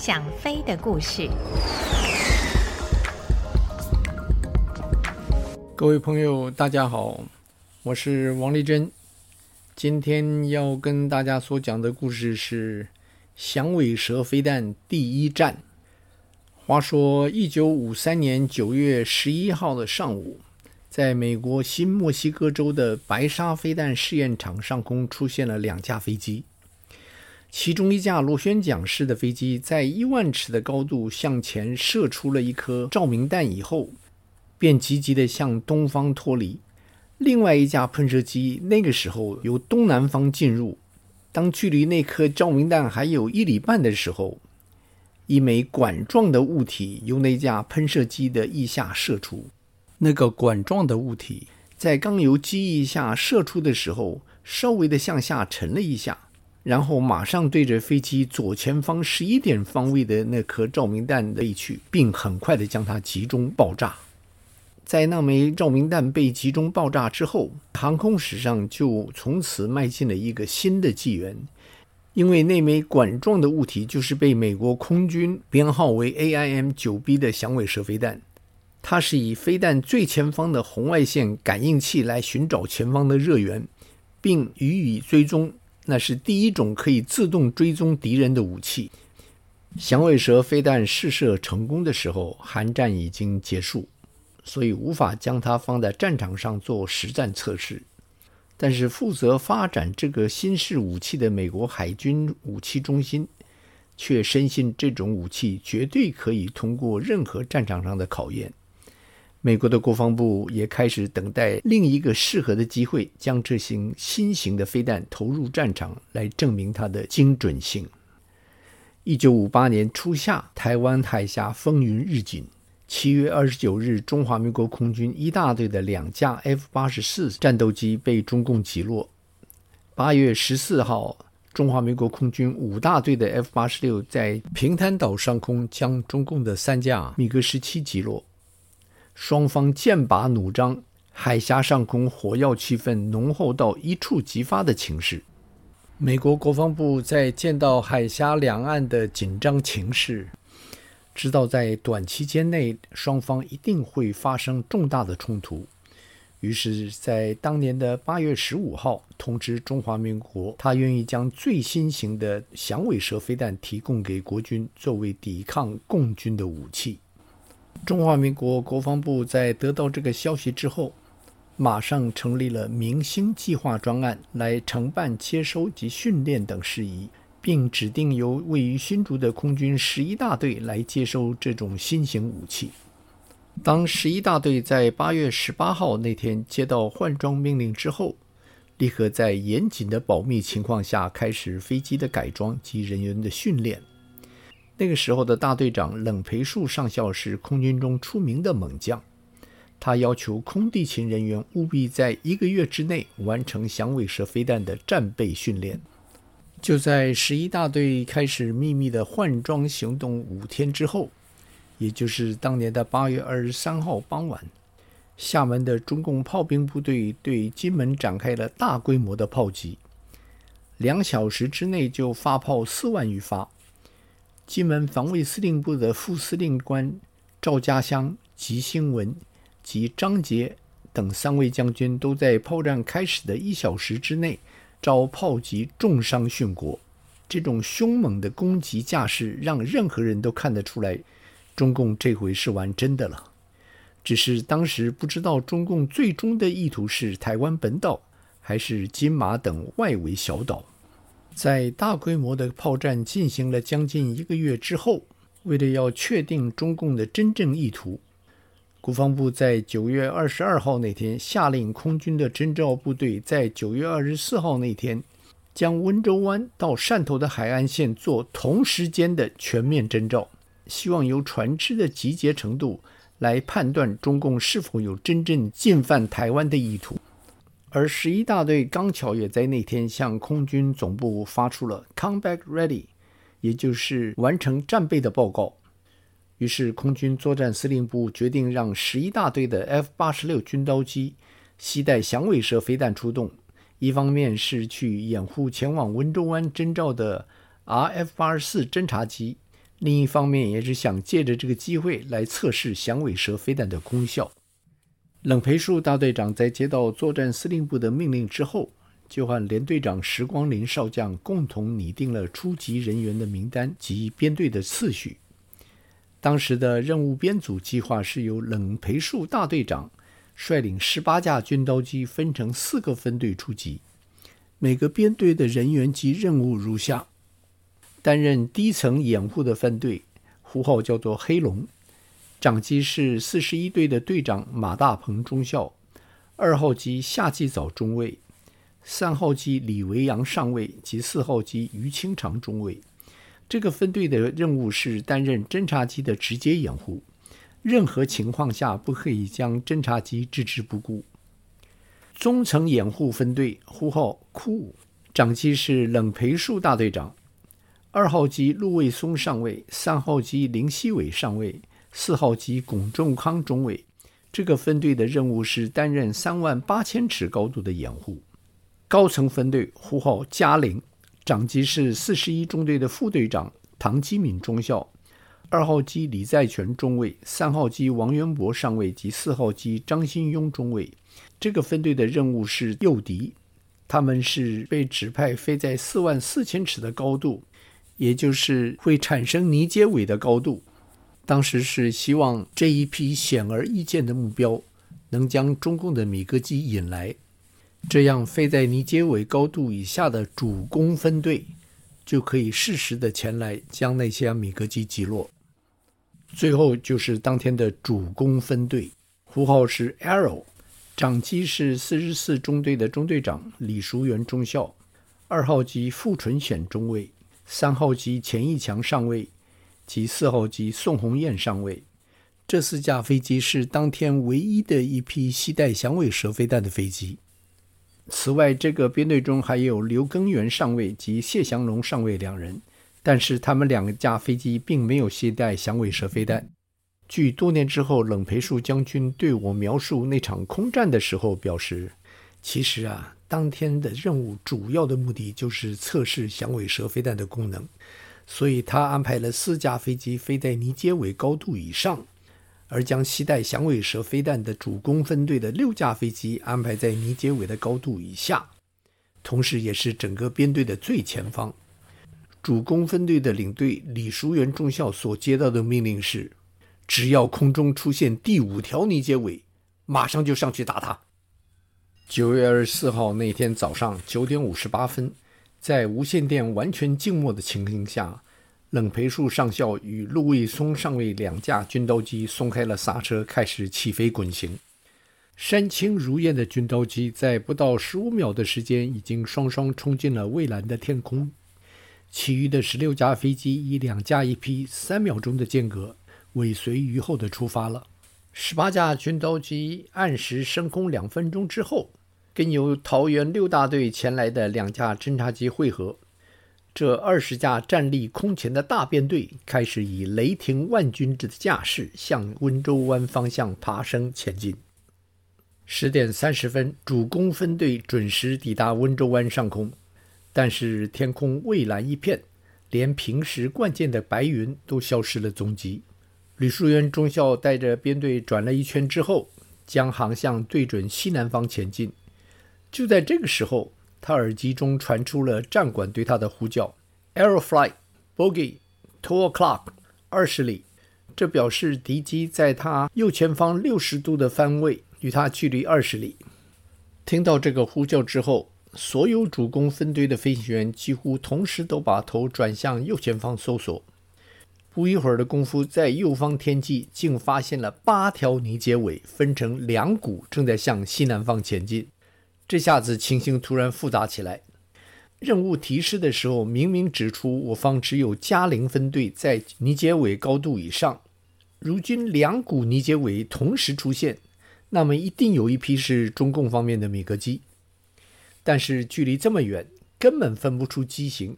想飛的故事。各位朋友，大家好，我是王麗珍。今天要跟大家所講的故事是《響尾蛇飛彈第一戰》。話說，一九五三年九月十一號的上午，在美國新墨西哥州的白沙飛彈試驗場上空，出現了兩架飛機。其中一架螺旋槳式的飛機在一萬呎的高度向前射出了一顆照明彈以後，便急急地向東方脫離。另外一架噴射機那個時候由東南方進入，當距離那顆照明彈還有一裡半的時候，一枚管狀的物體由那架噴射機的翼下射出。那個管狀的物體在剛由機翼下射出的時候，稍微的向下沉了一下。然後馬上對着飛機左前方十一點方位的那顆照明彈飛去，並很快的將它集中爆炸。在那枚照明彈被集中爆炸之後，航空史上就從此邁進了一個新的紀元，因為那枚管狀的物體就是被美國空軍編號為 AIM-9B 的響尾蛇飛彈，它是以飛彈最前方的紅外線感應器來尋找前方的熱源，並予以追蹤。那是第一種可以自動追蹤敵人的武器。響尾蛇飛彈試射成功的時候，韓戰已經結束，所以無法將它放在戰場上做實戰測試。但是，負責發展這個新式武器的美國海軍武器中心，卻深信這種武器絕對可以通過任何戰場上的考驗。美國的國防部也開始等待另一個適合的機會，將這型新型的飛彈投入戰場，來證明它的精準性。一九五八年初夏，臺灣海峽風雲日緊。七月二十九日，中華民國空軍一大隊的兩架 F 八十四戰鬥機被中共擊落。八月十四號，中華民國空軍五大隊的 F 八十六在平潭島上空將中共的三架米格十七擊落。雙方劍拔弩張，海峽上空火藥氣氛濃厚到一觸即發的情勢，美國國防部在見到海峽兩岸的緊張情勢，知道在短期間內雙方一定會發生重大的衝突，於是，在當年的八月十五號，通知中華民國，他願意將最新型的響尾蛇飛彈提供給國軍作為抵抗共軍的武器。中華民國國防部在得到這個消息之後，馬上成立了明星計劃專案來承辦接收及訓練等事宜，並指定由位於新竹的空軍十一大隊來接收這種新型武器。當十一大隊在八月十八號那天接到換裝命令之後，立刻在嚴謹的保密情況下開始飛機的改裝及人員的訓練。那個時候的大隊長冷培樹上校是空軍中出名的猛將，他要求空地勤人員務必在一個月之內完成響尾蛇飛彈的戰備訓練。就在十一大隊開始秘密的換裝行動五天之後，也就是當年的八月二十三號傍晚，廈門的中共炮兵部隊對金門展開了大規模的炮擊，兩小時之內就發炮四萬餘發。金門防衛司令部的副司令官趙家驤、吉星文及張傑等三位將軍，都在炮戰開始的一小時之內遭炮擊重傷殉國。這種兇猛的攻擊架勢，讓任何人都看得出來，中共這回是玩真的了。只是當時不知道中共最終的意圖是台灣本島，還是金馬等外圍小島。在大規模的炮戰進行了將近一個月之後，為了要確定中共的真正意圖，國防部在九月二十二號那天下令空軍的偵照部隊在九月二十四號那天，將溫州灣到汕頭的海岸線做同時間的全面偵照，希望由船隻的集結程度來判斷中共是否有真正進犯台灣的意圖。而十一大隊剛巧也在那天向空軍總部發出了 “come back ready”，也就是完成戰備的報告。於是，空軍作戰司令部決定讓十一大隊的 F 八十六軍刀機攜帶響尾蛇飛彈出動，一方面是去掩護前往溫州灣偵照的 RF 八十四偵察機，另一方面也是想借着這個機會來測試響尾蛇飛彈的功效。冷培樹大隊長在接到作戰司令部的命令之後，就和聯隊長石光林少將共同擬定了出擊人員的名單及編隊的次序。當時的任務編組計劃是由冷培樹大隊長率領十八架軍刀機分成四個分隊出擊，每個編隊的人員及任務如下：擔任低層掩護的分隊，呼號叫做“黑龍”。長機是四十一隊的隊長馬大鵬中校，二號機夏季早中尉，三號機李維陽上尉及四號機於清長中尉。這個分隊的任務是擔任偵察機的直接掩護，任何情況下不可以將偵察機置之不顧。中層掩護分隊呼號哭，長機是冷培樹大隊長，二號機陸衛松上尉，三號機林希偉上尉。四號機龔仲康中尉，這個分隊的任務是擔任三萬八千尺高度的掩護。高層分隊呼號嘉陵，長機是四十一中隊的副隊長唐基敏中校。二號機李在全中尉，三號機王元博上尉及四號機張新庸中尉，這個分隊的任務是誘敵。他們是被指派飛在四萬四千尺的高度，也就是會產生凝結尾的高度。當時是希望這一批顯而易見的目標能將中共的米格機引來，這樣飛在尼杰韋高度以下的主攻分隊就可以適時的前來將那些米格機擊落。最後就是當天的主攻分隊，呼號是 Arrow，長機是四十四中隊的中隊長李淑媛中校，二號機傅純顯中尉，三號機錢義強上尉。及四號機宋紅艷上尉，這四架飛機是當天唯一的一批攜帶響尾蛇飛彈的飛機。此外，這個編隊中還有劉根源上尉及謝祥龍上尉兩人，但是他們兩架飛機並沒有攜帶響尾蛇飛彈。據多年之後冷培樹將軍對我描述那場空戰的時候表示，其實啊，當天的任務主要的目的就是測試響尾蛇飛彈的功能。所以他安排了四架飛機飛在凝結尾高度以上，而將攜帶響尾蛇飛彈的主攻分隊的六架飛機安排在凝結尾的高度以下，同時也是整個編隊的最前方。主攻分隊的領隊李書媛中校所接到的命令是：只要空中出現第五條凝結尾，馬上就上去打他。九月二十四號那天早上九點五十八分。在無線電完全靜默的情形下，冷培樹上校與陸衛松上尉兩架軍刀機鬆開了剎車，開始起飛滾行。身輕如燕的軍刀機在不到十五秒的時間，已經雙雙衝進了蔚藍的天空。其餘的十六架飛機以兩架一批、三秒鐘的間隔，尾隨於後的出發了。十八架軍刀機按時升空，兩分鐘之後。跟由桃園六大隊前來的兩架偵察機會合，這二十架戰力空前的大編隊開始以雷霆萬鈞之的架勢向溫州灣方向爬升前進。十點三十分，主攻分隊準時抵達溫州灣上空，但是天空蔚藍一片，連平時慣見的白雲都消失了蹤跡。呂樹淵中校帶着編隊轉了一圈之後，將航向對準西南方前進。就在這個時候，他耳機中傳出了戰管對他的呼叫：「Aero Flight, Bogey, Two o'clock，二十里。”這表示敵機在他右前方六十度的方位，與他距離二十里。聽到這個呼叫之後，所有主攻分隊的飛行員幾乎同時都把頭轉向右前方搜索。不一會兒的功夫，在右方天際竟發現了八條凝結尾，分成兩股，正在向西南方前進。這下子情形突然複雜起來。任務提示的時候，明明指出我方只有嘉陵分隊在凝結尾高度以上。如今兩股凝結尾同時出現，那麼一定有一批是中共方面的米格機。但是距離這麼遠，根本分不出機型，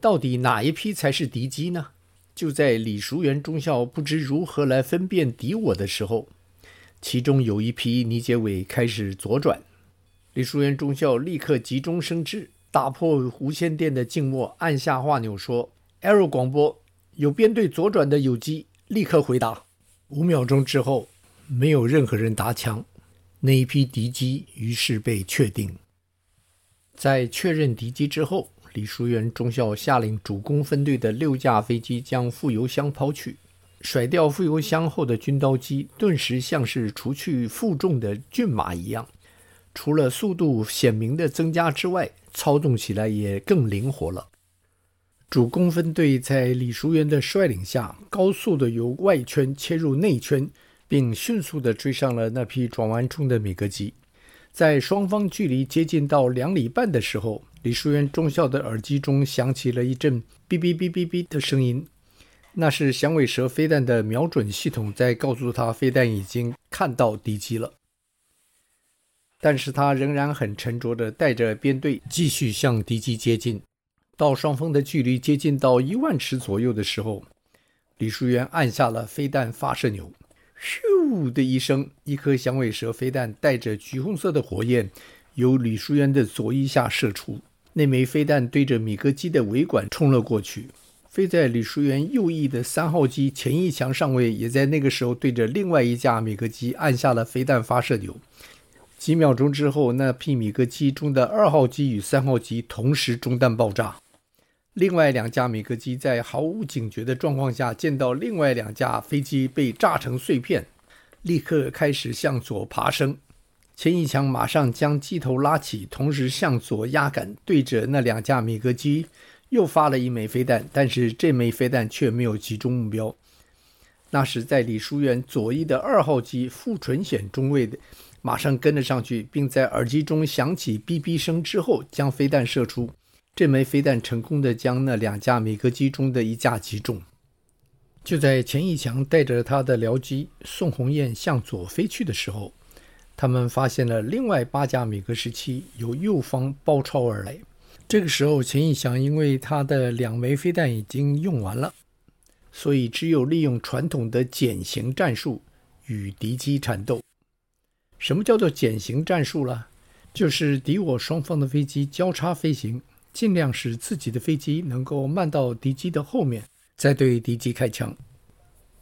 到底哪一批才是敵機呢？就在李淑媛中校不知如何來分辨敵我的時候，其中有一批凝結尾開始左轉。李叔元中校立刻急中生智，打破無線電的靜默，按下話鈕說，Arrow 廣播，有編隊左轉的友機，立刻回答。”五秒鐘之後，沒有任何人搭腔，那一批敵機於是被確定。在確認敵機之後，李叔元中校下令主攻分隊的六架飛機將副油箱拋去，甩掉副油箱後的軍刀機頓時像是除去負重的駿馬一樣。除了速度顯明的增加之外，操縱起來也更靈活了。主攻分隊在李書媛的率領下，高速的由外圈切入內圈，並迅速的追上了那批轉彎中的米格機。在雙方距離接近到兩里半的時候，李書媛中校的耳機中響起了一陣“嗶嗶嗶嗶嗶”的聲音，那是響尾蛇飛彈的瞄準系統在告訴他，飛彈已經看到敵機了。但是他仍然很沉着地帶着編隊繼續向敵機接近。到雙方的距離接近到一萬尺左右的時候，李叔元按下了飛彈發射鈕，咻的一聲，一顆響尾蛇飛彈帶着橘紅色的火焰，由李叔元的左翼下射出。那枚飛彈對着米格機的尾管衝了過去。飛在李叔元右翼的三號機錢義強上尉也在那個時候對着另外一架米格機按下了飛彈發射鈕。幾秒鐘之後，那批米格機中的二號機與三號機同時中彈爆炸。另外兩架米格機在毫無警覺的狀況下，見到另外兩架飛機被炸成碎片，立刻開始向左爬升。錢一強馬上將機頭拉起，同時向左壓桿，對着那兩架米格機又發了一枚飛彈。但是這枚飛彈卻沒有擊中目標。那時在李淑媛左翼的二號機傅純顯中尉的。馬上跟了上去，並在耳機中響起嗶嗶聲之後，將飛彈射出。這枚飛彈成功地將那兩架米格機中的一架擊中。就在錢一強帶着他的僚機宋紅雁向左飛去的時候，他們發現了另外八架米格十七由右方包抄而來。這個時候，錢一強因為他的兩枚飛彈已經用完了，所以只有利用傳統的減型戰術與敵機纏鬥。什麼叫做剪形戰術了？就是敵我雙方的飛機交叉飛行，儘量使自己的飛機能夠慢到敵機的後面，再對敵機開槍。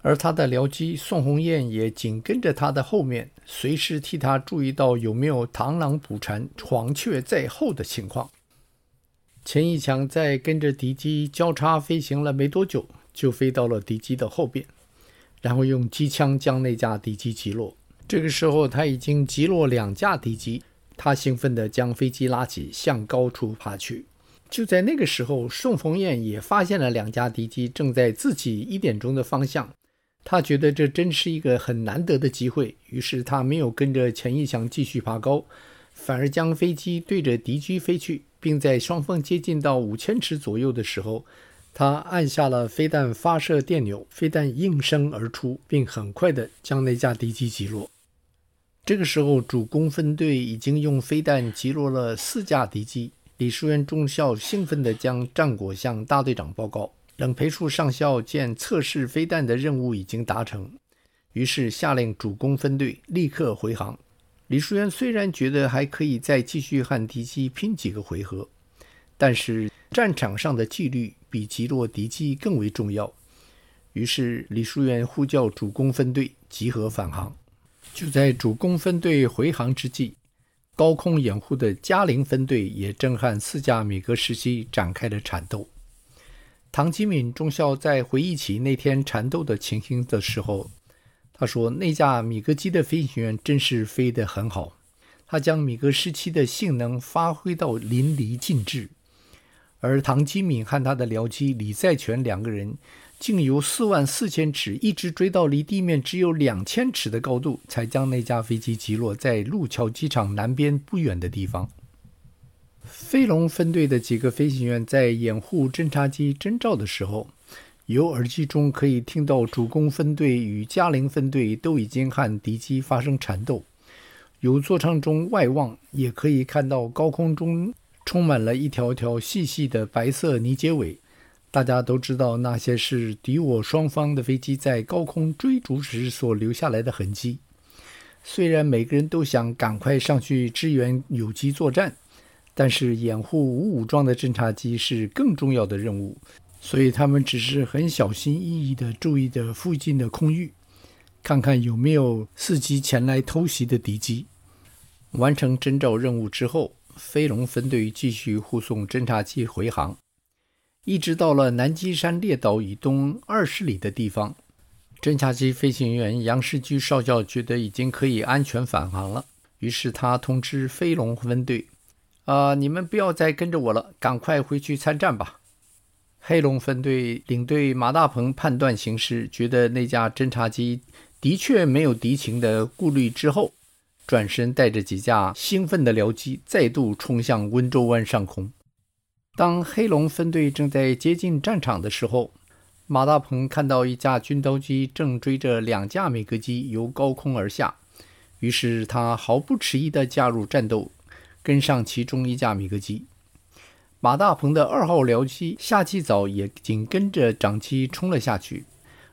而他的僚機宋紅艷也緊跟着他的後面，隨時替他注意到有沒有螳螂捕蟬，黃雀在後的情況。錢一強在跟着敵機交叉飛行了沒多久，就飛到了敵機的後邊，然後用機槍將那架敵機擊落。這個時候，他已經擊落兩架敵機，他興奮地將飛機拉起，向高處爬去。就在那個時候，宋豐彥也發現了兩架敵機正在自己一點鐘的方向，他覺得這真是一個很難得的機會，於是他沒有跟着錢一翔繼續爬高，反而將飛機對着敵機飛去，並在雙方接近到五千尺左右的時候，他按下了飛彈發射電鈕，飛彈應聲而出，並很快地將那架敵機擊落。這個時候，主攻分隊已經用飛彈擊落了四架敵機。李叔元中校興奮地將戰果向大隊長報告。冷培樹上校見測試飛彈的任務已經達成，於是下令主攻分隊立刻回航。李叔元雖然覺得還可以再繼續和敵機拼幾個回合，但是戰場上的紀律比擊落敵機更為重要。於是李叔元呼叫主攻分隊集合返航。就在主攻分隊回航之際，高空掩護的嘉陵分隊也正和四架米格十七展開了纏鬥。唐基敏中校在回憶起那天纏鬥的情形的時候，他說：“那架米格機的飛行員真是飛得很好，他將米格十七的性能發揮到淋漓盡致。”而唐基敏和他的僚機李在全兩個人，竟由四萬四千尺一直追到離地面只有兩千尺的高度，才將那架飛機擊落，在路橋機場南邊不遠的地方。飛龍分隊的幾個飛行員在掩護偵察機偵照的時候，由耳機中可以聽到主攻分隊與嘉陵分隊都已經和敵機發生纏鬥，由座艙中外望也可以看到高空中充滿了一條條細細的白色凝結尾。大家都知道，那些是敵我雙方的飛機在高空追逐時所留下來的痕跡。雖然每個人都想趕快上去支援友機作戰，但是掩護無武，武裝的偵察機是更重要的任務，所以他們只是很小心翼翼地注意着附近的空域，看看有沒有伺機前來偷襲的敵機。完成偵察任務之後，飛龍分隊繼續護送偵察機回航。一直到了南麂山列島以東二十里的地方，偵察機飛行員楊世居少校覺得已經可以安全返航了，於是他通知飛龍分隊：“啊、呃，你們不要再跟着我了，趕快回去參戰吧。”黑龍分隊領隊馬大鵬判斷形勢，覺得那架偵察機的確沒有敵情的顧慮之後，轉身帶着幾架興奮的僚機，再度衝向溫州灣上空。當黑龍分隊正在接近戰場的時候，馬大鵬看到一架軍刀機正追着兩架米格機由高空而下，於是他毫不遲疑地加入戰鬥，跟上其中一架米格機。馬大鵬的二號僚機夏季早也緊跟着長機衝了下去，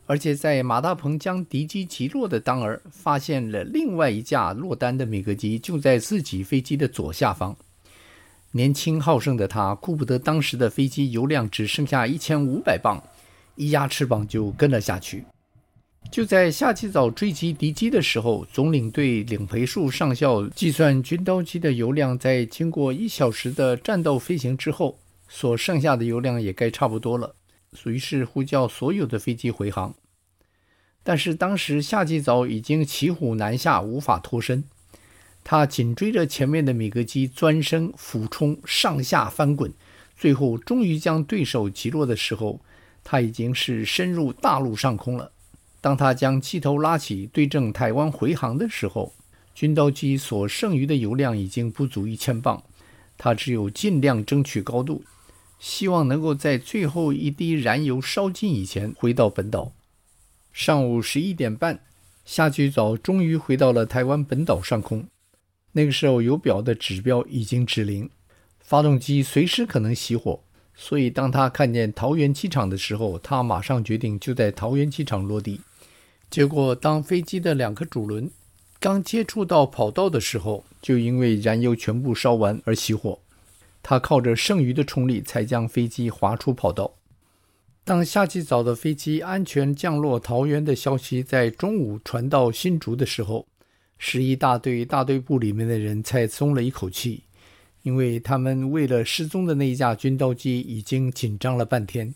而且在馬大鵬將敵機擊落的當兒，發現了另外一架落單的米格機就在自己飛機的左下方。年輕好勝的他，顧不得當時的飛機油量只剩下一千五百磅，一壓翅膀就跟了下去。就在夏季早追擊敵機的時候，總領隊領培樹上校計算軍刀機的油量，在經過一小時的戰鬥飛行之後，所剩下的油量也該差不多了，於是呼叫所有的飛機回航。但是當時夏季早已經騎虎難下，無法脫身。他緊追着前面的米格機，鑽升俯衝、上下翻滾，最後終於將對手擊落的時候，他已經是深入大陸上空了。當他將機頭拉起，對正台灣回航的時候，軍刀機所剩餘的油量已經不足一千磅，他只有盡量爭取高度，希望能夠在最後一滴燃油燒盡以前回到本島。上午十一點半，夏巨藻終於回到了台灣本島上空。那個時候油表的指標已經指零，發動機隨時可能熄火，所以當他看見桃園機場的時候，他馬上決定就在桃園機場落地。結果，當飛機的兩個主輪剛接觸到跑道的時候，就因為燃油全部燒完而熄火。他靠着剩餘的衝力才將飛機滑出跑道。當夏季早的飛機安全降落桃園的消息在中午傳到新竹的時候。十一大隊大隊部裡面的人才鬆了一口氣，因為他們為了失蹤的那一架軍刀機已經緊張了半天。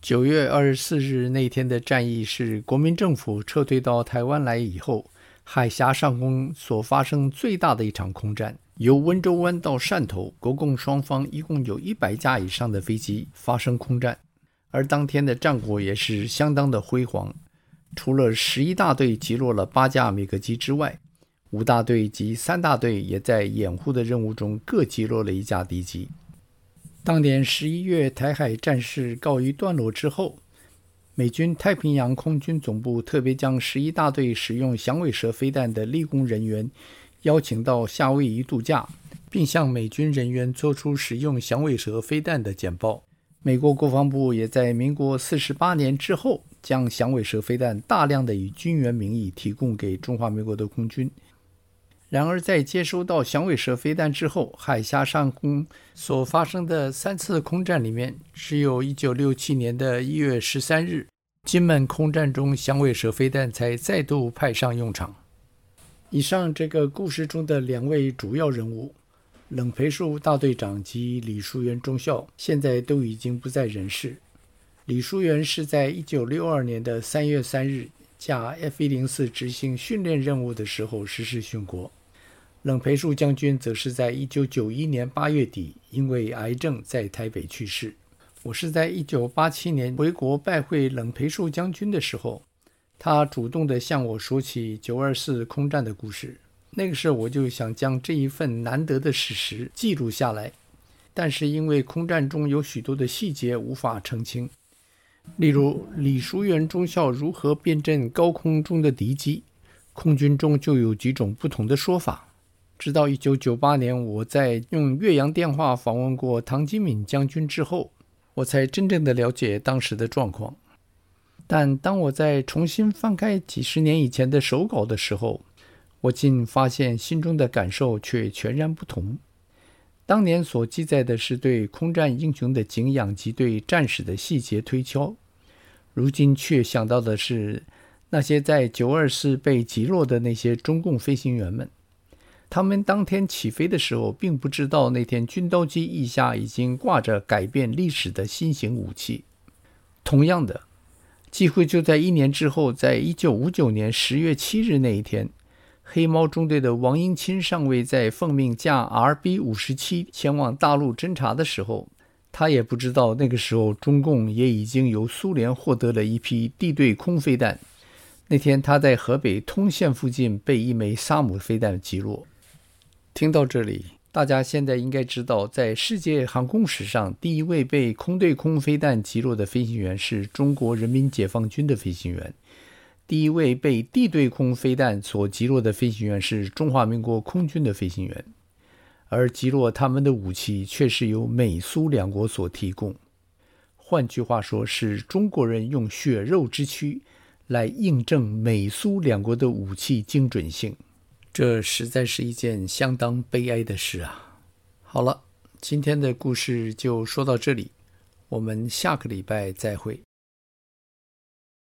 九月二十四日那天的戰役是國民政府撤退到台灣來以後，海峽上空所發生最大的一場空戰。由溫州灣到汕頭，國共雙方一共有一百架以上的飛機發生空戰，而當天的戰果也是相當的輝煌。除了十一大隊擊落了八架米格機之外，五大隊及三大隊也在掩護的任務中各擊落了一架敵機。當年十一月，台海戰事告一段落之後，美軍太平洋空軍總部特別將十一大隊使用響尾蛇飛彈的立功人員邀請到夏威夷度假，並向美軍人員做出使用響尾蛇飛彈的簡報。美國國防部也在民國四十八年之後，將響尾蛇飛彈大量地以軍援名義提供給中華民國的空軍。然而，在接收到響尾蛇飛彈之後，海峽上空所發生的三次空戰裡面，只有一九六七年的一月十三日，金門空戰中，響尾蛇飛彈才再度派上用場。以上這個故事中的兩位主要人物，冷培樹大隊長及李淑媛中校，現在都已經不在人世。李淑媛是在一九六二年的三月三日駕 F 一零四執行訓練任務的時候失事殉國，冷培樹將軍則是在一九九一年八月底因為癌症在台北去世。我是在一九八七年回國拜會冷培樹將軍的時候，他主動地向我說起九二四空戰的故事。那個時候我就想將這一份難得的史實記錄下來，但是因為空戰中有許多的細節無法澄清。例如，李叔元中校如何辨認高空中的敵機，空軍中就有幾種不同的說法。直到1998年，我在用越洋電話訪問過唐金敏將軍之後，我才真正地了解當時的狀況。但當我在重新翻開幾十年以前的手稿的時候，我竟發現心中的感受却全然不同。當年所記載的是對空戰英雄的景仰及對戰史的細節推敲，如今卻想到的是那些在九二四被擊落的那些中共飛行員們。他們當天起飛的時候，並不知道那天軍刀機翼下已經掛着改變歷史的新型武器。同樣的機會就在一年之後，在一九五九年十月七日那一天。黑貓中隊的王英欽上尉在奉命駕 RB-57 前往大陸偵察的時候，他也不知道那個時候中共也已經由蘇聯獲得了一批地對空飛彈。那天他在河北通縣附近被一枚薩姆飛彈擊落。聽到這裡，大家現在應該知道，在世界航空史上，第一位被空對空飛彈擊落的飛行員是中國人民解放軍的飛行員。第一位被地對空飛彈所擊落的飛行員是中華民國空軍的飛行員，而擊落他們的武器卻是由美蘇兩國所提供。換句話說，是中國人用血肉之軀來印證美蘇兩國的武器精準性，這實在是一件相當悲哀的事啊！好了，今天的故事就說到這裡，我們下個禮拜再會。